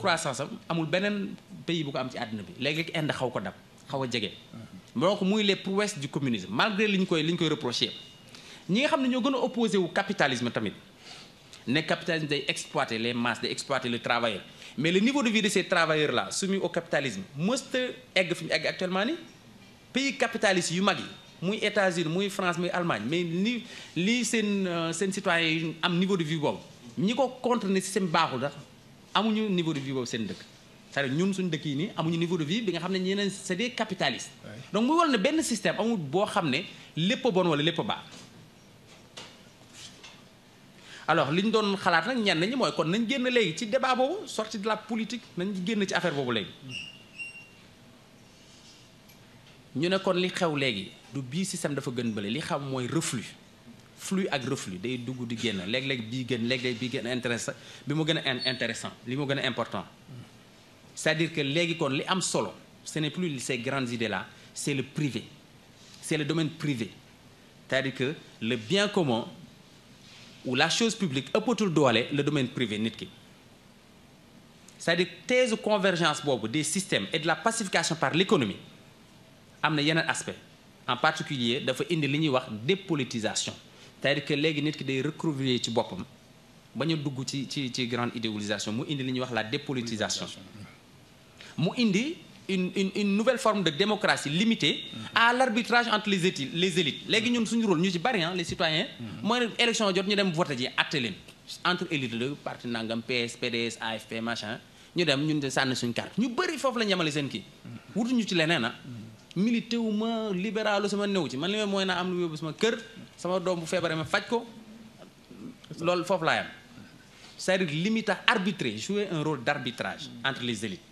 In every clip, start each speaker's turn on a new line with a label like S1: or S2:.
S1: croissance am amul beneen pays bu ko am ci àddina bi léegi Inde xaw ko dab xaw a jege. Mm-hmm. donc muy les prouesses du communisme malgré li ñu koy li koy reproché ñi nga xam ne ñoo gën a opposé wu capitalisme tamit ne capitalisme day exploiter les masses day exploiter le travailleur mais le niveau de vie de ces travailleurs là soumis au capitalisme mësta egg fi mu egg actuellement ni pays capitalistes yu mag yi muy États-Unis muy France muy Allemagne mais ni lii seen euh, seen citoyens yi am niveau de vie boobu ñi ko contre ne système baaxul sax amuñu niveau de vie boobu seen dëkk cest ñun suñ dëkk yi nii amuñu niveau de vie bi nga xam ne ñeneen c'est des capitalistes donc muy war ne benn système amul boo xam ne lépp a bon wala lépp a baax alors li ñu doon xalaat nag ñenn ñi mooy kon nañ génn léegi ci débat boobu sorti de la politique nañ génn ci affaire boobu léegi ñu ne kon li xew léegi du bii système dafa gën bële li xam mooy reflux flux ak reflux day dugg di génn léeg-léeg bii gën léeg-léeg bii bi mu gën a intéressant li mu gën a important c'est-à-dire que léegi kon li am solo ce n'est plus ces grandes idées là c'est le privé c'est le domaine privé cest que le bien commun ou la chose publique ëppatul doole le domaine privé nit ki c'est-à-dire thèse convergence boobu des systèmes et de la pacification par l'économie am na yeneen aspect en particulier dafa indi li ñuy wax dépolitisation cest à léegi nit ki day recouvrir ci boppam ba ñu dugg ci ci ci grande idéalisation mu indi li ñuy wax la dépolitisation mu indi une une une nouvelle forme de démocratie limitée mm-hmm. à l'arbitrage entre les élites les élites léegi ñun suñu rôle ñu ci bari les citoyens mm-hmm. mooy élection jot ñu dem voté ji atte leen entre élites la parti nangam PS PDS AFP machin ñu dem ñun de sànni suñ carte ñu bëri foofu la ñamale seen kii mm-hmm. wutuñu ci leneen a ah. milité wu ma libéral sama new ci man li mooy naa am lu yóbbu sama kër sama doom bu feebaree ma faj ko loolu foofu laa yam c'est-à-dire limite à arbitrer jouer un rôle d'arbitrage entre les élites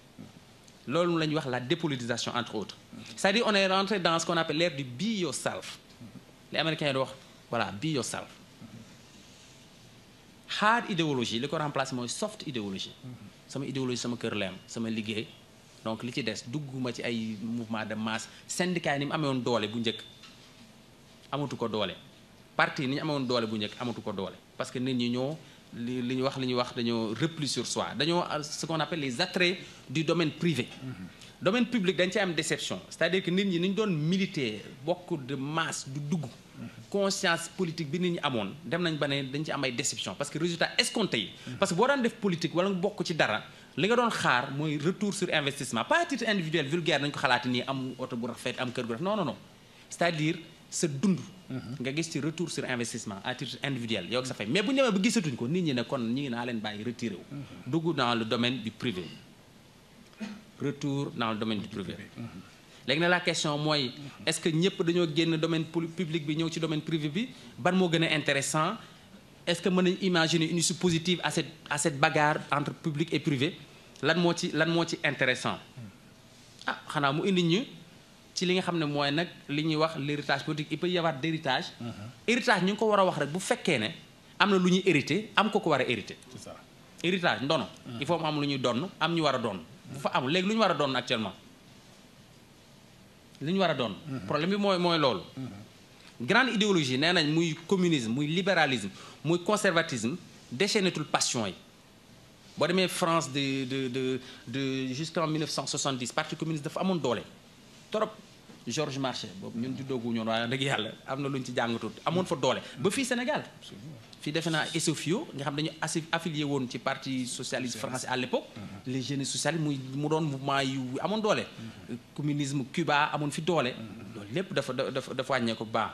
S1: loolu la ñuy wax la dépolitisation entre autres c'est-à-dire on est rentré dans ce qu'on appelle l'ère du yourself les américains di wax voilà be yourself hard idéologie li ko remplacer mooy soft idéologie sama idéologie sama kër leem sama liggéey donc li ci des dugguma ci ay mouvement de masse syndicat yi ni mu amee woon doole bu njëkk amatu ko doole parti ni ñu amoon doole bu njëkk amatu ko doole parce que nit ñi ñoo li ñu wax li ñuy wax dañoo repli sur soi dañoo ce qu'on appelle les attraits du domaine mm-hmm. domaine public dañ ci am déception cest à que nit ñi ni ñu doon militer bokk de masse du dugg mm-hmm. conscience politique bi nit ñi amoon dem nañ ba ne dañ ci am ay déception parce que résultat escompté yi mm-hmm. parce que boo daan def politique wala nga bokk ci dara li nga doon xaar mooy retour sur investissement pas à titre individuel vulgaire nañ ko xalaati nii am oto bu rafet am kër gu sa dund. Mhm. nga gis ci retour sur investissement à titre individuel yow ak sa fay mais bu ñu demee ba gisatuñ ko nit ñi ne kon ñi naa leen bàyyi retiré wu. Mhm. dugg dans le domaine du privé retour dans le domaine du privé. Mhm. léegi na la question mooy est-ce que ñëpp dañoo génn domaine public bi ñëw ci domaine privé bi ban moo gën a intéressant est-ce que mën nañu imaginer une issue positive à cette à cette entre public et privé lan moo ci lan moo ci intéressant ah xanaa mu indi ñu. ci li nga xam ne mooy nag li ñuy wax l'héritage politique il peut y avoir d'héritage uh-huh. héritage ñu ngi ko war a wax rek bu fekkee ne am na lu ñuy hérité am ko ko war a hérité c'est ça héritage ndono uh-huh. il faut mu am lu ñuy donn am ñu war a doon bu uh-huh. fa amul léegi lu ñu war a doon actuellement lu ñu war a doon problème bi mooy mooy loolu grande idéologie nee nañ muy communisme muy libéralisme muy conservatisme déchaînetul passion yi boo demee France de de de de jusqu'en 1970 parti communiste dafa amoon doole Georges Marchais boobu ñun juddoogu ñoon waaye dëgg yàlla am na lu ñu ci jàngatut amoon fa doole ba fii Sénégal fii defe naa SFIO nga xam dañu as affilié woon ci parti socialiste français à l'époque mm-hmm. les jeunes socialistes muy mu doon mouvement yu amoon doole mm-hmm. communisme Cuba amoon fi doole mm-hmm. loolu lépp dafa dafa dafa wàññeeku baax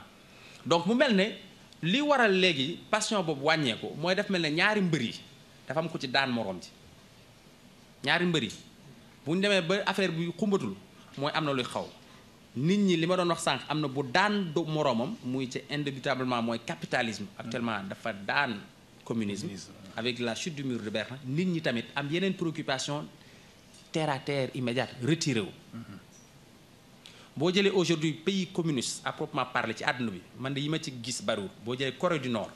S1: donc mu mel ne li waral léegi passion boobu wàññeeku mooy daf mel ne ñaari mbër yi dafa am ko ci daan morom ci ñaari mbër yi bu demee ba affaire bi xumbatul mooy am na xaw nit ñi li ma doon wax sànq am na bu daan do moroomam muy ci indébitablement mooy capitalisme actuellement dafa daan communisme avec la chute du mur de Berlin nit ñi tamit am yeneen préoccupation terre à terre immédiate retiré mm-hmm. boo jëlee aujourd'hui pays communiste à proprement parler ci àdduna bi man de yi ma ci gis bariwul boo jëlee Corée du Nord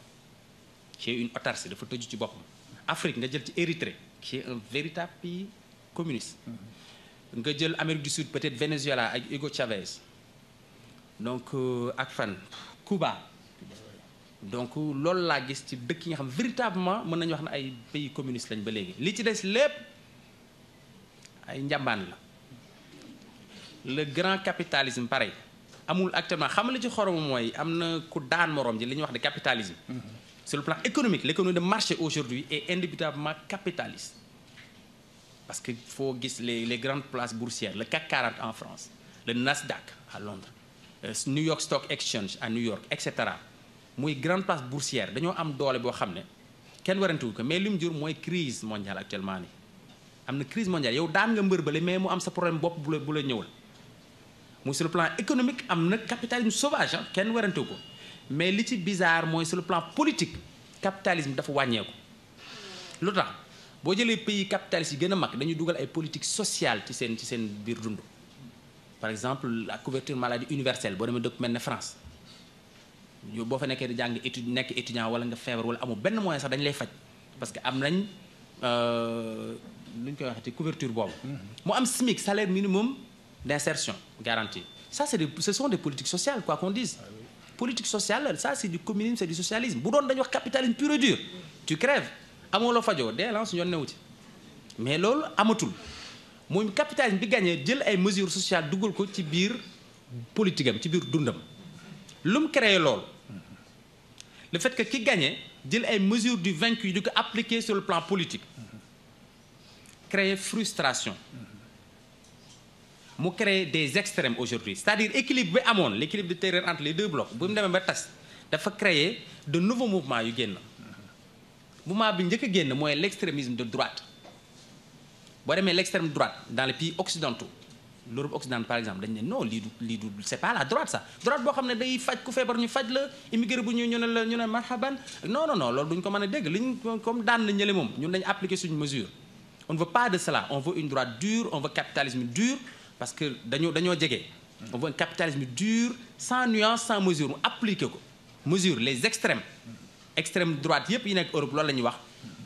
S1: qui est une autarcie dafa tëju ci boppam Afrique nga jël ci Érythrée ci est un véritable pays communiste mm-hmm. nga jël Amérique du Sud peut-être Venezuela ak Hugo Chavez donc euh, ak fan Cuba donc loolu laa gis ci dëkk yi nga xam véritablement mën nañu wax ne ay pays communiste lañ ba léegi li ci des lépp ay njambaan la le grand capitalisme pareil amul actuellement xam la ci xorom mooy am na ku daan morom ji li ñuy wax de capitalisme mm-hmm. sur le plan économique l'économie de marché aujourd'hui est indubitablement capitaliste parce que foo gis les les place places boursières le CAC 40 en France le Nasdaq à Londres euh, New York Stock Exchange à New York et cetera muy grande place boursière dañoo am doole boo xam ne kenn warantewu ko mais li mu jur mooy crise mondiale actuellement nii am na crise mondiale yow daan nga mbër bale mais mu am sa problème bopp bu la bu la ñëwul muy sur plan économique am na capitalisme sauvage ah kenn warantewu ko mais li ci bizarre mooy sur le plan politique capitalisme dafa wàññeeku lu tax boo jëlee pays capitalistes yi gën a mag dañuy dugal ay politique sociale ci seen seen biir dund par exemple la couverture maladie universelle boo demee dëkk mel ne France ñu boo fa nekkee di jàng étud nekk étudiant wala nga feebar wala amul benn moyen sax dañ lay faj parce que am nañ euh, lu ñu koy waxati couverture boobu mm-hmm. mu am SMIC salaire minimum d'insertion garantie ça c'est des ce sont des politiques sociales quoi qu'on dise ah politique sociale ça c'est du communisme bu doon dañu wax capitalisme pur et dur amoo la fajoo dee lan su ñoon newu ci mais loolu amatul moom capitalisme bi gagné jël ay mesures sociales dugal ko ci biir politique am ci biir dundam lu mu créé loolu le fait que ki gagné jël ay mesures du vaincu yi di ko appliquer sur le plan politique créer frustration mu créer des extrêmes aujourd'hui c'est-à-dire équilibre bi amoon l'équilibre de terreur entre les deux blocs bu mu demee ba tas dafa créer de nouveaux mouvements yu génn mouvement bi njëkk génn mooy l' de droite boo demee l' extrême droite dans les pays occidentaux l'Europe occidentale par exemple dañ ne non lii du lii du c' pas la droite ça droite boo xam ne day faj ku feebar ñu faj la immigré bu ñu ñu ne ñu ne marhaban non non non loolu duñ ko mën a dégg liñ comme daan na ñële moom ñun dañ appliquer suñu mesure on ne veut pas de cela on veut une droite dure on veut capitalisme dur parce que dañoo dañoo jege. on veut un capitalisme dur sans nuance sans mesure ko mesure les extrêmes extrême droite yëpp yi nekk Europe loolu la ñuy wax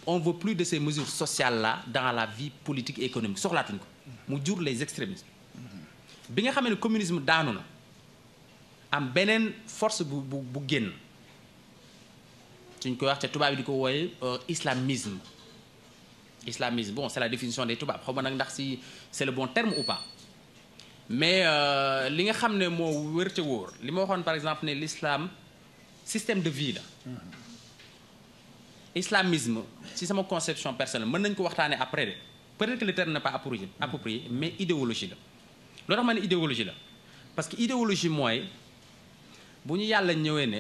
S1: on veut plus de ces mesures sociales là dans la vie politique et économique soxlaatuñ ko mu jur les extrémistes bi nga xamee ne communisme daanu na am beneen force bu bu bu génn suñ koy wax te tubaab yi di ko wooye euh, islamisme islamisme bon c'est la définition des tubaab xaw ma nag ndax si c'est bon terme ou pas mais euh, li nga xam ne moo wérte wóor li ma waxoon par exemple ne l'islam système de vie la mm-hmm. islamisme si sama conception personnelle mën nañ ko waxtaanee après de peut-être que le terme n'est pas approprié approprié mais idéologie la loo tax ma ne idéologie la parce que idéologie mooy bu ñu yàlla ñëwee ne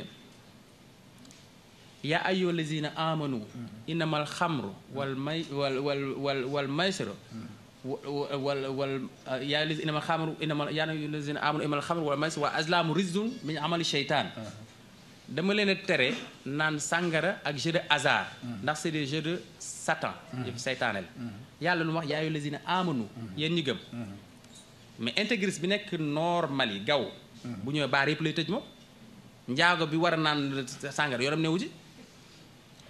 S1: yaa ayyuha allazina amanu innama al xamru wal wal wal wal wal maysiro wal wal yaa innama xamru innama yaa ayyuha allazina amanu innama al xamru wal maysiro wa azlaamu rizun min amali sheytaan dama leen a tere naan sàngara ak jeu de hasard ndax c'est des jeux de satan mm. yëf mm. yàlla lu mu wax yaayu lazina amanu mm. yéen ñi gëm mais intégriste bi nekk nord Mali gaw bu ñëwee baar yëpp lay tëj moom njaago bi war a naan sàngara yoram newu ji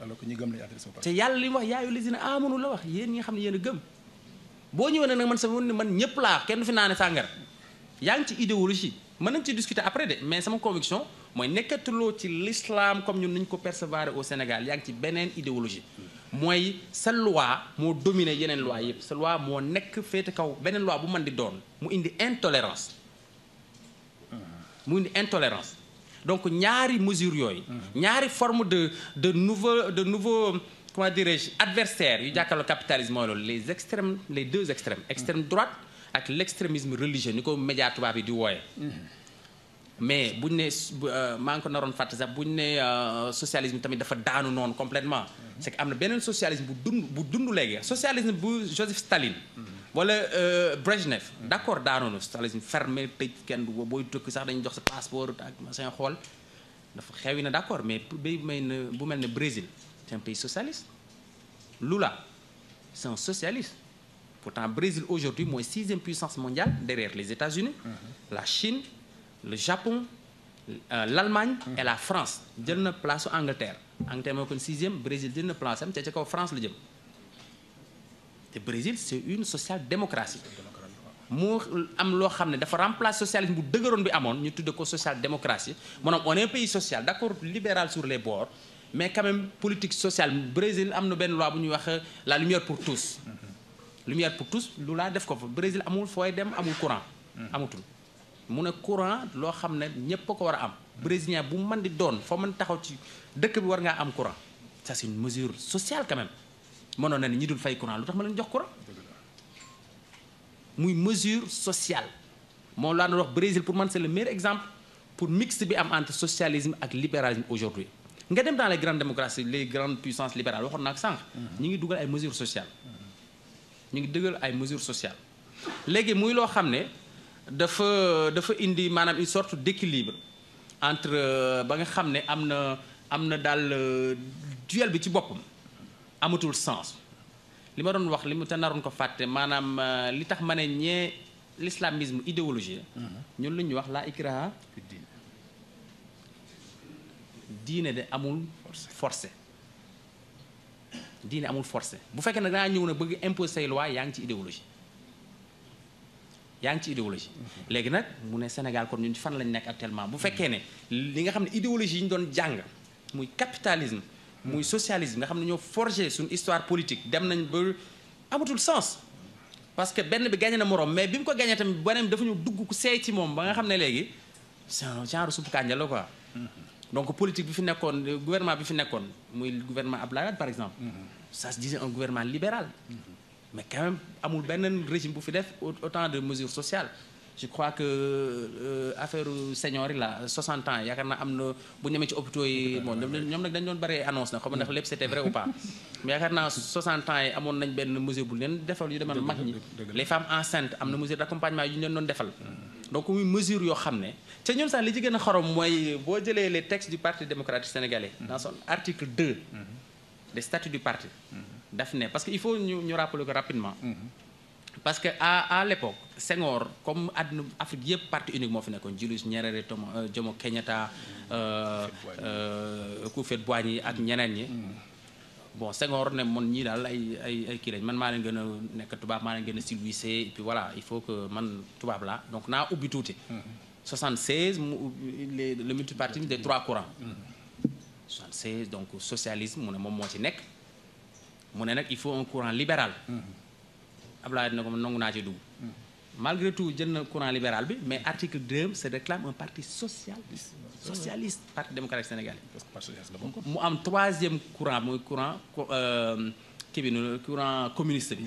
S1: alors que ñi gëm lay te yàlla li mu wax yaayu lazina amanu la wax yéen ñi xam ne yéen a gëm boo ñëwee nag man sama woon ne man ñëpp laa kenn du fi naane sàngara yaa ngi ci idéologie mën nañ ci discuter après de mais sama conviction mooy nekkatuloo ci l'islam comme ñun niñ ko percevoir au Sénégal yaa ngi ci beneen idéologie mooy sa loi moo dominer yeneen loi yëpp sa loi moo nekk féete kaw beneen loi bu man di doon mu indi intolérance mu indi donc ñaari mesure yooyu mm-hmm. ñaari forme de de nouveau de nouveau comment dirais-je adversaire yu jàkkaarloo capitalisme mooy loolu les extrêmes les deux extrêmes extrême mm-hmm. droite ak l'extrémisme religieux ni ko média tubaab yi di wooye mm-hmm. mais bu ñu euh, nee maa naroon fàtte bu ñu nee euh, socialisme tamit dafa daanu noonu complètement c'est am na beneen socialisme bu dund bu dund léegi socialisme bu Joseph Staline. Mm-hmm. wala euh, Brejnev. Mm-hmm. d'accord daanu na socialisme fermé tëj kenn booy tukki sax dañuy jox sa passeport ak machin xool dafa xewi na d'accord mais bu may bu mel ne Brésil c'est un pays socialiste. Lula c'est un socialiste. pourtant Brésil aujourd'hui mooy sixième puissance mondiale derrière les États-Unis mm-hmm. la Chine. le Japon euh, l'Allemagne et la France jël na place su Angleterre Angleterre moo kon sixième Brésil jël na place am te ca kaw France la jëm te Brésil c'est une social démocratie moo am loo xam ne dafa remplace socialisme bu dëgëroon bi amoon ñu tudde ko social démocratie maanaam on un pays social d'accord libéral sur les bords mais quand même politique sociale Brésil am na benn loi bu ñuy wax euh, la lumière pour tous mm-hmm. lumière pour lu laa def ko fa Brésil amul fooy dem amul courant mm-hmm. amatul mu ne courant loo xam ne ñëpp ko war a am. brésilien bu man di doon foo man taxaw ci dëkk bi war ngaa am courant ça c'est une mesure sociale quand même mënoon na ne ñi dul fay courant lu tax ma leen jox courant. muy mesure sociale moom laa doon wax Brésil pour man c'est le meilleur exemple pour mixte bi am entre socialisme ak libéralisme aujourd'hui nga dem daal les grande démocraties les grandes puissances libérales waxoon naa ko sànq. ñu ngi dugal ay mesures sociales. ñu ngi dugal ay mesures sociales léegi muy loo xam ne. dafa dafa indi maanaam une sorte d'équilibre entre euh, ba nga xam ne am na am na daal euh, duel bi ci boppam amatul sens li ma doon wax li mu te naroon ko fàtte maanaam euh, li tax ma ne ñee l'islamisme idéologie mhm. ñun lu ñu wax laa ikraha diine de amul forcé diine amul forcé bu fekkee nag dangaa ñëw na bëgg imposer say loi yaa ngi ci idéologie yaa ngi ci idéologie léegi nag mu ne Sénégal kon ñun fan lañ nekk actuellement bu fekkee ne li nga xam ne idéologie yi ñu doon jàng muy capitalisme muy socialisme nga xam ne ñoo forger suñu histoire politique dem nañ ba amatul sens parce que benn bi gagné na moroom mais bi mu ko gagné tamit beneen dafa ñu dugg ko seey ci moom ba nga xam ne léegi c'est un genre supp kànja la quoi donc politique bi fi nekkoon gouvernement bi fi nekkoon muy gouvernement Abdoulaye Wade par exemple mm-hmm. ça se disait un gouvernement libéral mm-hmm. mais quand même amul benn régime bu fi def autant de mesures sociales je crois que euh, affaire senior yi la 60 ans yaakaar naa am na bu ñemee ci hôpitaux yi moom ñoom nag dañ doon bëree annonce nag xam nga ndax lépp c'était vrai naa 60 ans yi amoon nañ benn mesure bu leen defal yu demal mag ñi les femmes enceintes am na mesure d'accompagnement yu ñu leen doon defal mm. donc muy mesure yoo xam ne te ñun sax li ci gën a xorom mooy boo jëlee les textes du parti démocratique sénégalais mm. dans son article 2 mm. des daf ne parce que il faut ñu ñu rappeler ko rapidement. Mm-hmm. parce que à à l'époque Senghor comme àdduna Afrique yëpp parti unique moo fi nekkoon Julius Nyerere Tomo euh, Jomo Kenyatta. Houphouët-Boigny euh, euh, ak ñeneen ñi. Mm-hmm. bon Senghor ne man ñii daal ay ay kii lañ man maa leen gën a nekk tubaab maa leen gën a civilisé et puis voilà il faut que man tubaab la donc naa ubbi tuuti. 76 mm-hmm. mu le multipartisme des trois courants. 76 donc socialisme mu ne moom moo ci nekk. mu ne nag il faut un courant libéral mm-hmm. laa dina ko ma nangu naa ci dugg mm-hmm. malgré tout jël na courant libéral bi mais article 2 se réclame un parti socialiste mm-hmm. socialiste parti démocratique sénégalais mu am troisième courant mooy courant euh, kii bi nu courant communiste bi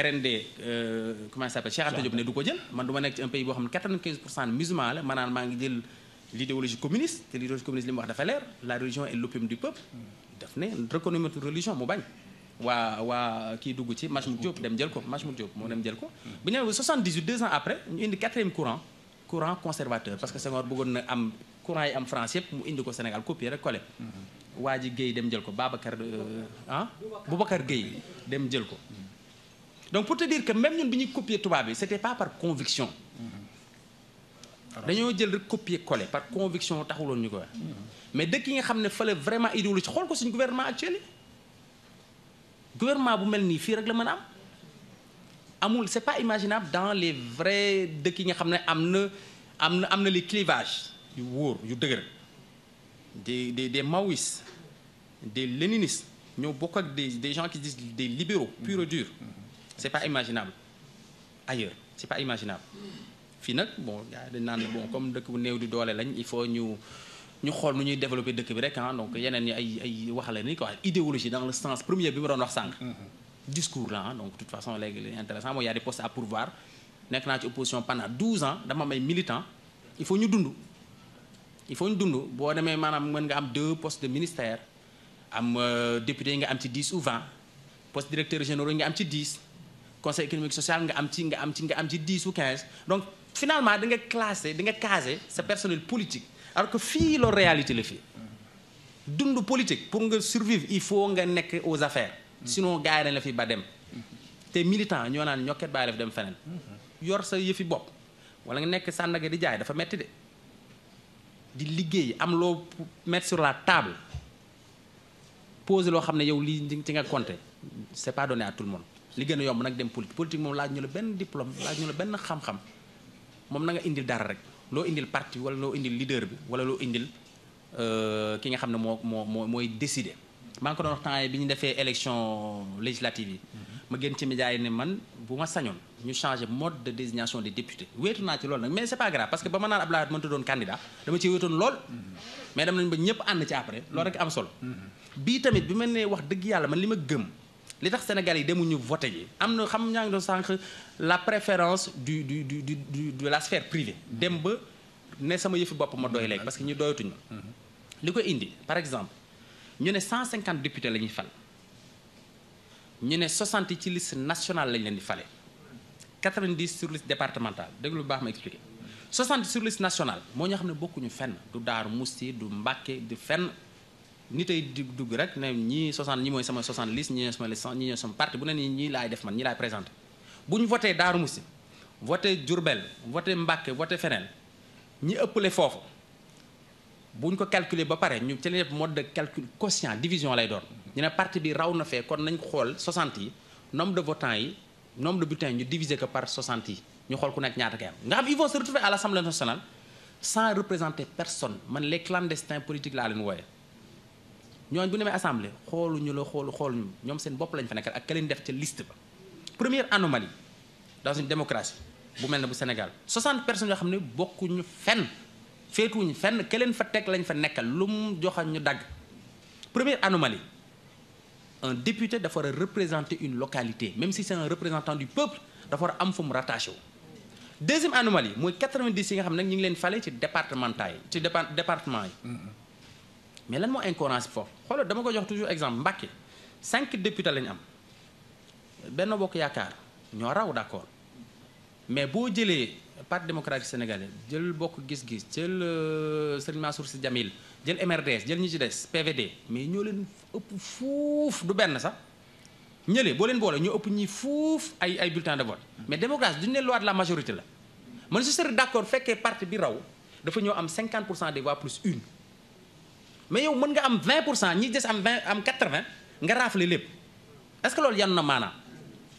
S1: RND euh, comment ça s'appelle Cheikh Anta Diop ne du ko jël man du ma nekk ci un pays boo xam ne 95 la maanaam maa ngi jël l'idéologie communiste te l'idéologie communiste li mu wax dafa leer la religion est l'opium du peuple daf ne reconnaître religion mu bañ waa waa kii dugg ci Majmout Diop dem jël ko Majmout Diop moo dem jël ko hmm. bu ñu nee 78 deux ans après ñu indi quatrième courant courant conservateur parce que Senghor bëggoon na am courant yi am France yëpp mu indi ko Sénégal copier rek collé hmm. waa ji Guèye dem jël ko Babacar euh, ah Boubacar Guèye dem jël ko hmm. donc pour te dire que même ñun bi ñuy copier tubaab bi c'était pas par conviction dañoo jël rek copier coller par conviction taxuloon ñu ko wax mais dëkk yi nga xam ne fële vraiment idéologie xool ko suñ gouvernement actuel yi gouvernement bu mel nii fii rek la mën a am amul c'est pas imaginable dans les vrais dëkk yi nga xam ne am na am na am na les clivages yu wóor yu dëgër des des des maoïstes des léninistes ñoo bokk ak des de gens qui disent des libéraux purs et durs mm-hmm. c'est pas imaginable ailleurs c'est pas imaginable fii nag bon gars dañ naan bon comme dëkk bu néew di doole lañ il faut ñu ñu xool nu ñuy développer dëkk bi rek ah donc yeneen yi ay ay wax la ni quoi idéologie dans le sens premier bi ma doon wax sànq. Mm-hmm. discours la ah léegi li intéressant mooy y a des postes à pourvoir nekk naa ci opposition pendant 12 ans dama may faut ñu dund. il faut ñu dund boo demee maanaam mën nga am deux postes de ministère am euh, député yi nga am ci 10 ou 20 poste directeur généraux nga am ci 10 conseil économique social nga am ci nga am ci nga am ci 10 ou 15 donc. finalement di nga classé di nga casé sa personnel politique alors que fii loo réalité la fii dund politique pour nga survivre il faut nga nekk aux affaires sinon gars yi dañ la fi ba dem te militant ñoo naan ñokket bàyyi la fi dem feneen yor sa yëfi bopp wala nga nekk sàndaga di jaay dafa metti de di liggéey am loo mettre sur la table poser loo xam ne yow lii ci nga compter c'est pas donné à tout le monde li gën a yomb nag dem politique politique moom laaj ñu la benn diplôme laaj ñu benn xam moom na nga indil dara rek loo indil parti wala loo indil leader bi wala loo indil euh, ki nga xam ne moo moo moo mooy décider. maa ngi ko doon temps bi ñu defee élection législative yi. Mm-hmm. ma gën ci média yi man bu ma sañoon ñu changer mode de désignation des députés wéetu naa ci loolu nag mais c'est pas grave parce que ba ma naan Abdoulaye mënta doon candidat dama ci wéetoon lool. Mm-hmm. mais dem nañ ba ñëpp ànd ci après. loolu rek am solo. Mm-hmm. bii tamit bi ma nee wax dëgg yàlla man li ma gëm. li tax Sénégalais yi demuñu voté ji am na xam ñaa ngi doon sànq la préférence du du du du de la sphère privée dem ba ne sama yëfi bopp ma doy léegi parce que ñu doyatuñu li ko indi par exemple ñu ne 150 députés la ñuy fal ñu ne 60 ci liste nationale lañ leen di fale 90 sur liste départementale déglu baax ma expliqué 60 sur liste nationale moo ñoo xam ne bokkuñu fenn du daar Musti du Mbàkke du fenn nit ay dugg rek ne ñii ñi mooy sama 60 liste ñi ñooy sama liste ñi ñooy sama parti bu ne nii ñii laay def man ñii laay présenté bu ñu voté Darou Moussi voté Diourbel voté Mbacké voté feneen ñi ëppale foofu bu ñu ko calculer ba pare ñu ci la def mode de calcul quotient division lay doon ñu ne parti bi raw na fee kon nañ xool 60 yi nombre de votants yi nombre de bulletins ñu diviser ko par 60 yi ñu xool ku nekk ñaata kay am nga xam ils se retrouver à l'Assemblée nationale sans représenter personne man les clandestins politiques laa leen ñooñu bu ñu demee assemblée xooluñu la xoolu xooluñu ñoom seen bopp lañ fa nekkal ak ke leen def ca liste ba première anomalie dans une démocratie bu mel ne bu Sénégal 60 personnes yoo xam ne bokkuñu fenn féetuwuñu fenn ka leen fa teg lañu fa nekkal lu mu joxañ ñu dagg première anomalie un député dafa war a représenter une localité même si c'est un représentant du peuple dafa war a am fu mu rattaché wu deuxième anomalie mooy 90 yi nga xam ne ñu ngi leen fale ci départemental yi ci département mais lan moo incohérence foofu xoolal dama ko jox toujours exemple Mbàkke cinq députés lañu am benn Bokk Yaakaar ñoo raw d'accord mais boo jëlee parti démocratique sénégalais jël bokk gis-gis jël euh, Serigne Mansour Sy Djamil jël MRDS jël ñi des PVD mais ñoo leen ëpp fuuf du benn sax ñële boo leen boole ñoo ëpp ñi fuuf ay ay bulletin de mais démocratie duñu ne loi la majorité la man je serais d'accord fekkee parti bi raw dafa ñëw am 50 pour cent des voix plus une mais yow mën nga am 20 pour cent ñi des am 20 am 80 nga raafale lépp est-ce que loolu yanu na maanaam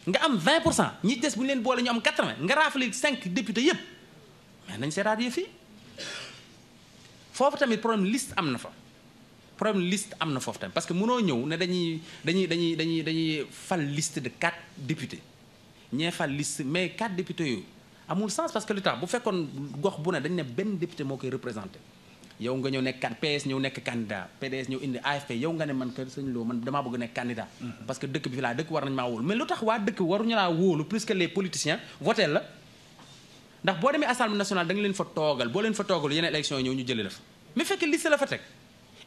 S1: nga am vingt pour cent ñi des bu ñu leen boole ñu am 80 nga raafale cinq députés yëpp mais nañ seetaat yëf fii foofu tamit problème liste am na fa problème liste am na foofu tamit parce que mënoo ñëw ne dañuy dañuy dañuy dañuy dañuy fal liste de 4 députés ñee fal liste mais 4 député yooyu amul sens parce que lu tax bu fekkoon gox bu ne dañ ne benn député moo koy représenté. yow nga ñëw nekk kan PS ñëw nekk candidat PDS ñëw indi AFP yow nga ne man kër sëñ Lo man damaa bëgg nekk candidat mm-hmm. parce que dëkk bi fi laa dëkk war nañu maa wóolu mais lu tax waa dëkk waruñu laa wóolu plus que les politiciens voté la ndax boo demee assemblée nationale da leen fa toogal boo leen fa toogal yeneen élection yi ñëw ñu jëlee la fa mais fekk liste la fa teg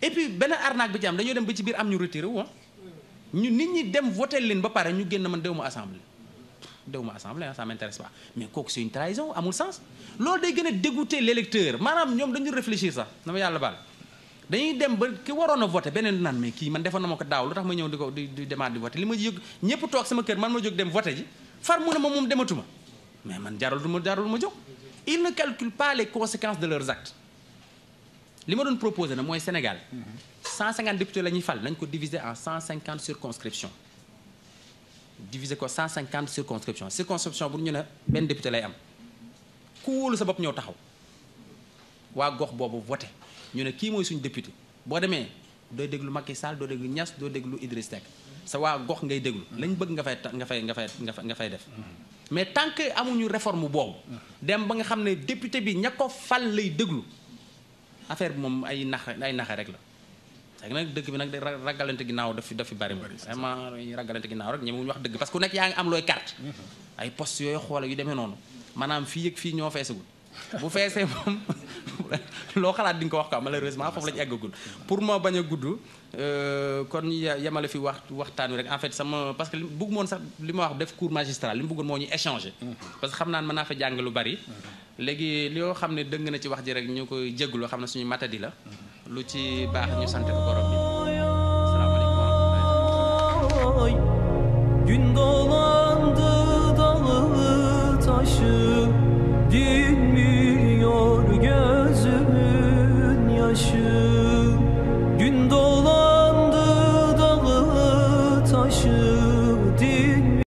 S1: et puis benn arnaque bi ci dañoo dem ba ci biir am ñu retiré wu ah mm. ñu nit ñi dem voté leen ba pare ñu génn man déwuma assemblée dewuma assemblée ça m'intéresse pas mais kooku c'est une trahison amul sens loolu day gën a dégoûter l'électeur maanaam ñoom dañu réfléchir sax dama yàlla baal dañuy dem ba ki waroon na voté beneen nan mais kii man defoon ma ko daaw lu tax ma ñëw di ko di di demaat di voté li ma yëg ñëpp toog sama kër man ma jóg dem voté ji far mu ne ma moom dematuma mais man jarul ma jarul ma jóg ils ne calculent pas les conséquences de leurs actes li ma doon proposé na mooy Sénégal 150 mhm. députés la ñuy fal nañ ko diviser en 150 circonscriptions diviser ko 150 circonscription circonscription bu ñu ne benn député lay am ku wóolu sa bopp ñëw taxaw waa gox boobu voté ñu ne kii mooy suñ député boo demee doo déglu Macky Sall doo déglu ñas doo déglu Idriss Seck sa waa gox ngay déglu lañ bëgg nga fay nga fay nga fay nga fay def mais tant que amuñu réforme boobu dem ba nga xam ne député bi ña ko fal lay déglu affaire bi moom ay nax ay naxe rek la léegi nag dëkk bi nag da ragalante ginnaaw dafi dafi bari vraiment ragalante ginnaaw rek ñemewuñu wax dëgg parce que ku nekk yaa ngi am looy carte mm-hmm. ay poste yooyu xoole yu demee noonu maanaam fii yëg fii ñoo feesagul bu feesee moom loo xalaat di nga ko wax quoi malheureusement foofu la ñu eggagul pour ma bañ a gudd euh, kon yemale fi wax waxtaan wi rek en fait sama parce que li bëgg moon sax li ma wax def cours magistral li mu bëggoon moo ñu échanger mm-hmm. parce que xam naan ne mën naa fa jàng lu bari mm-hmm. léegi li yoo xam ne dëng na ci wax ji rek ñu koy loo xam ne suñu matadi la mm-hmm. lu ci baax ñu sant ko borom bi salaamaaleykum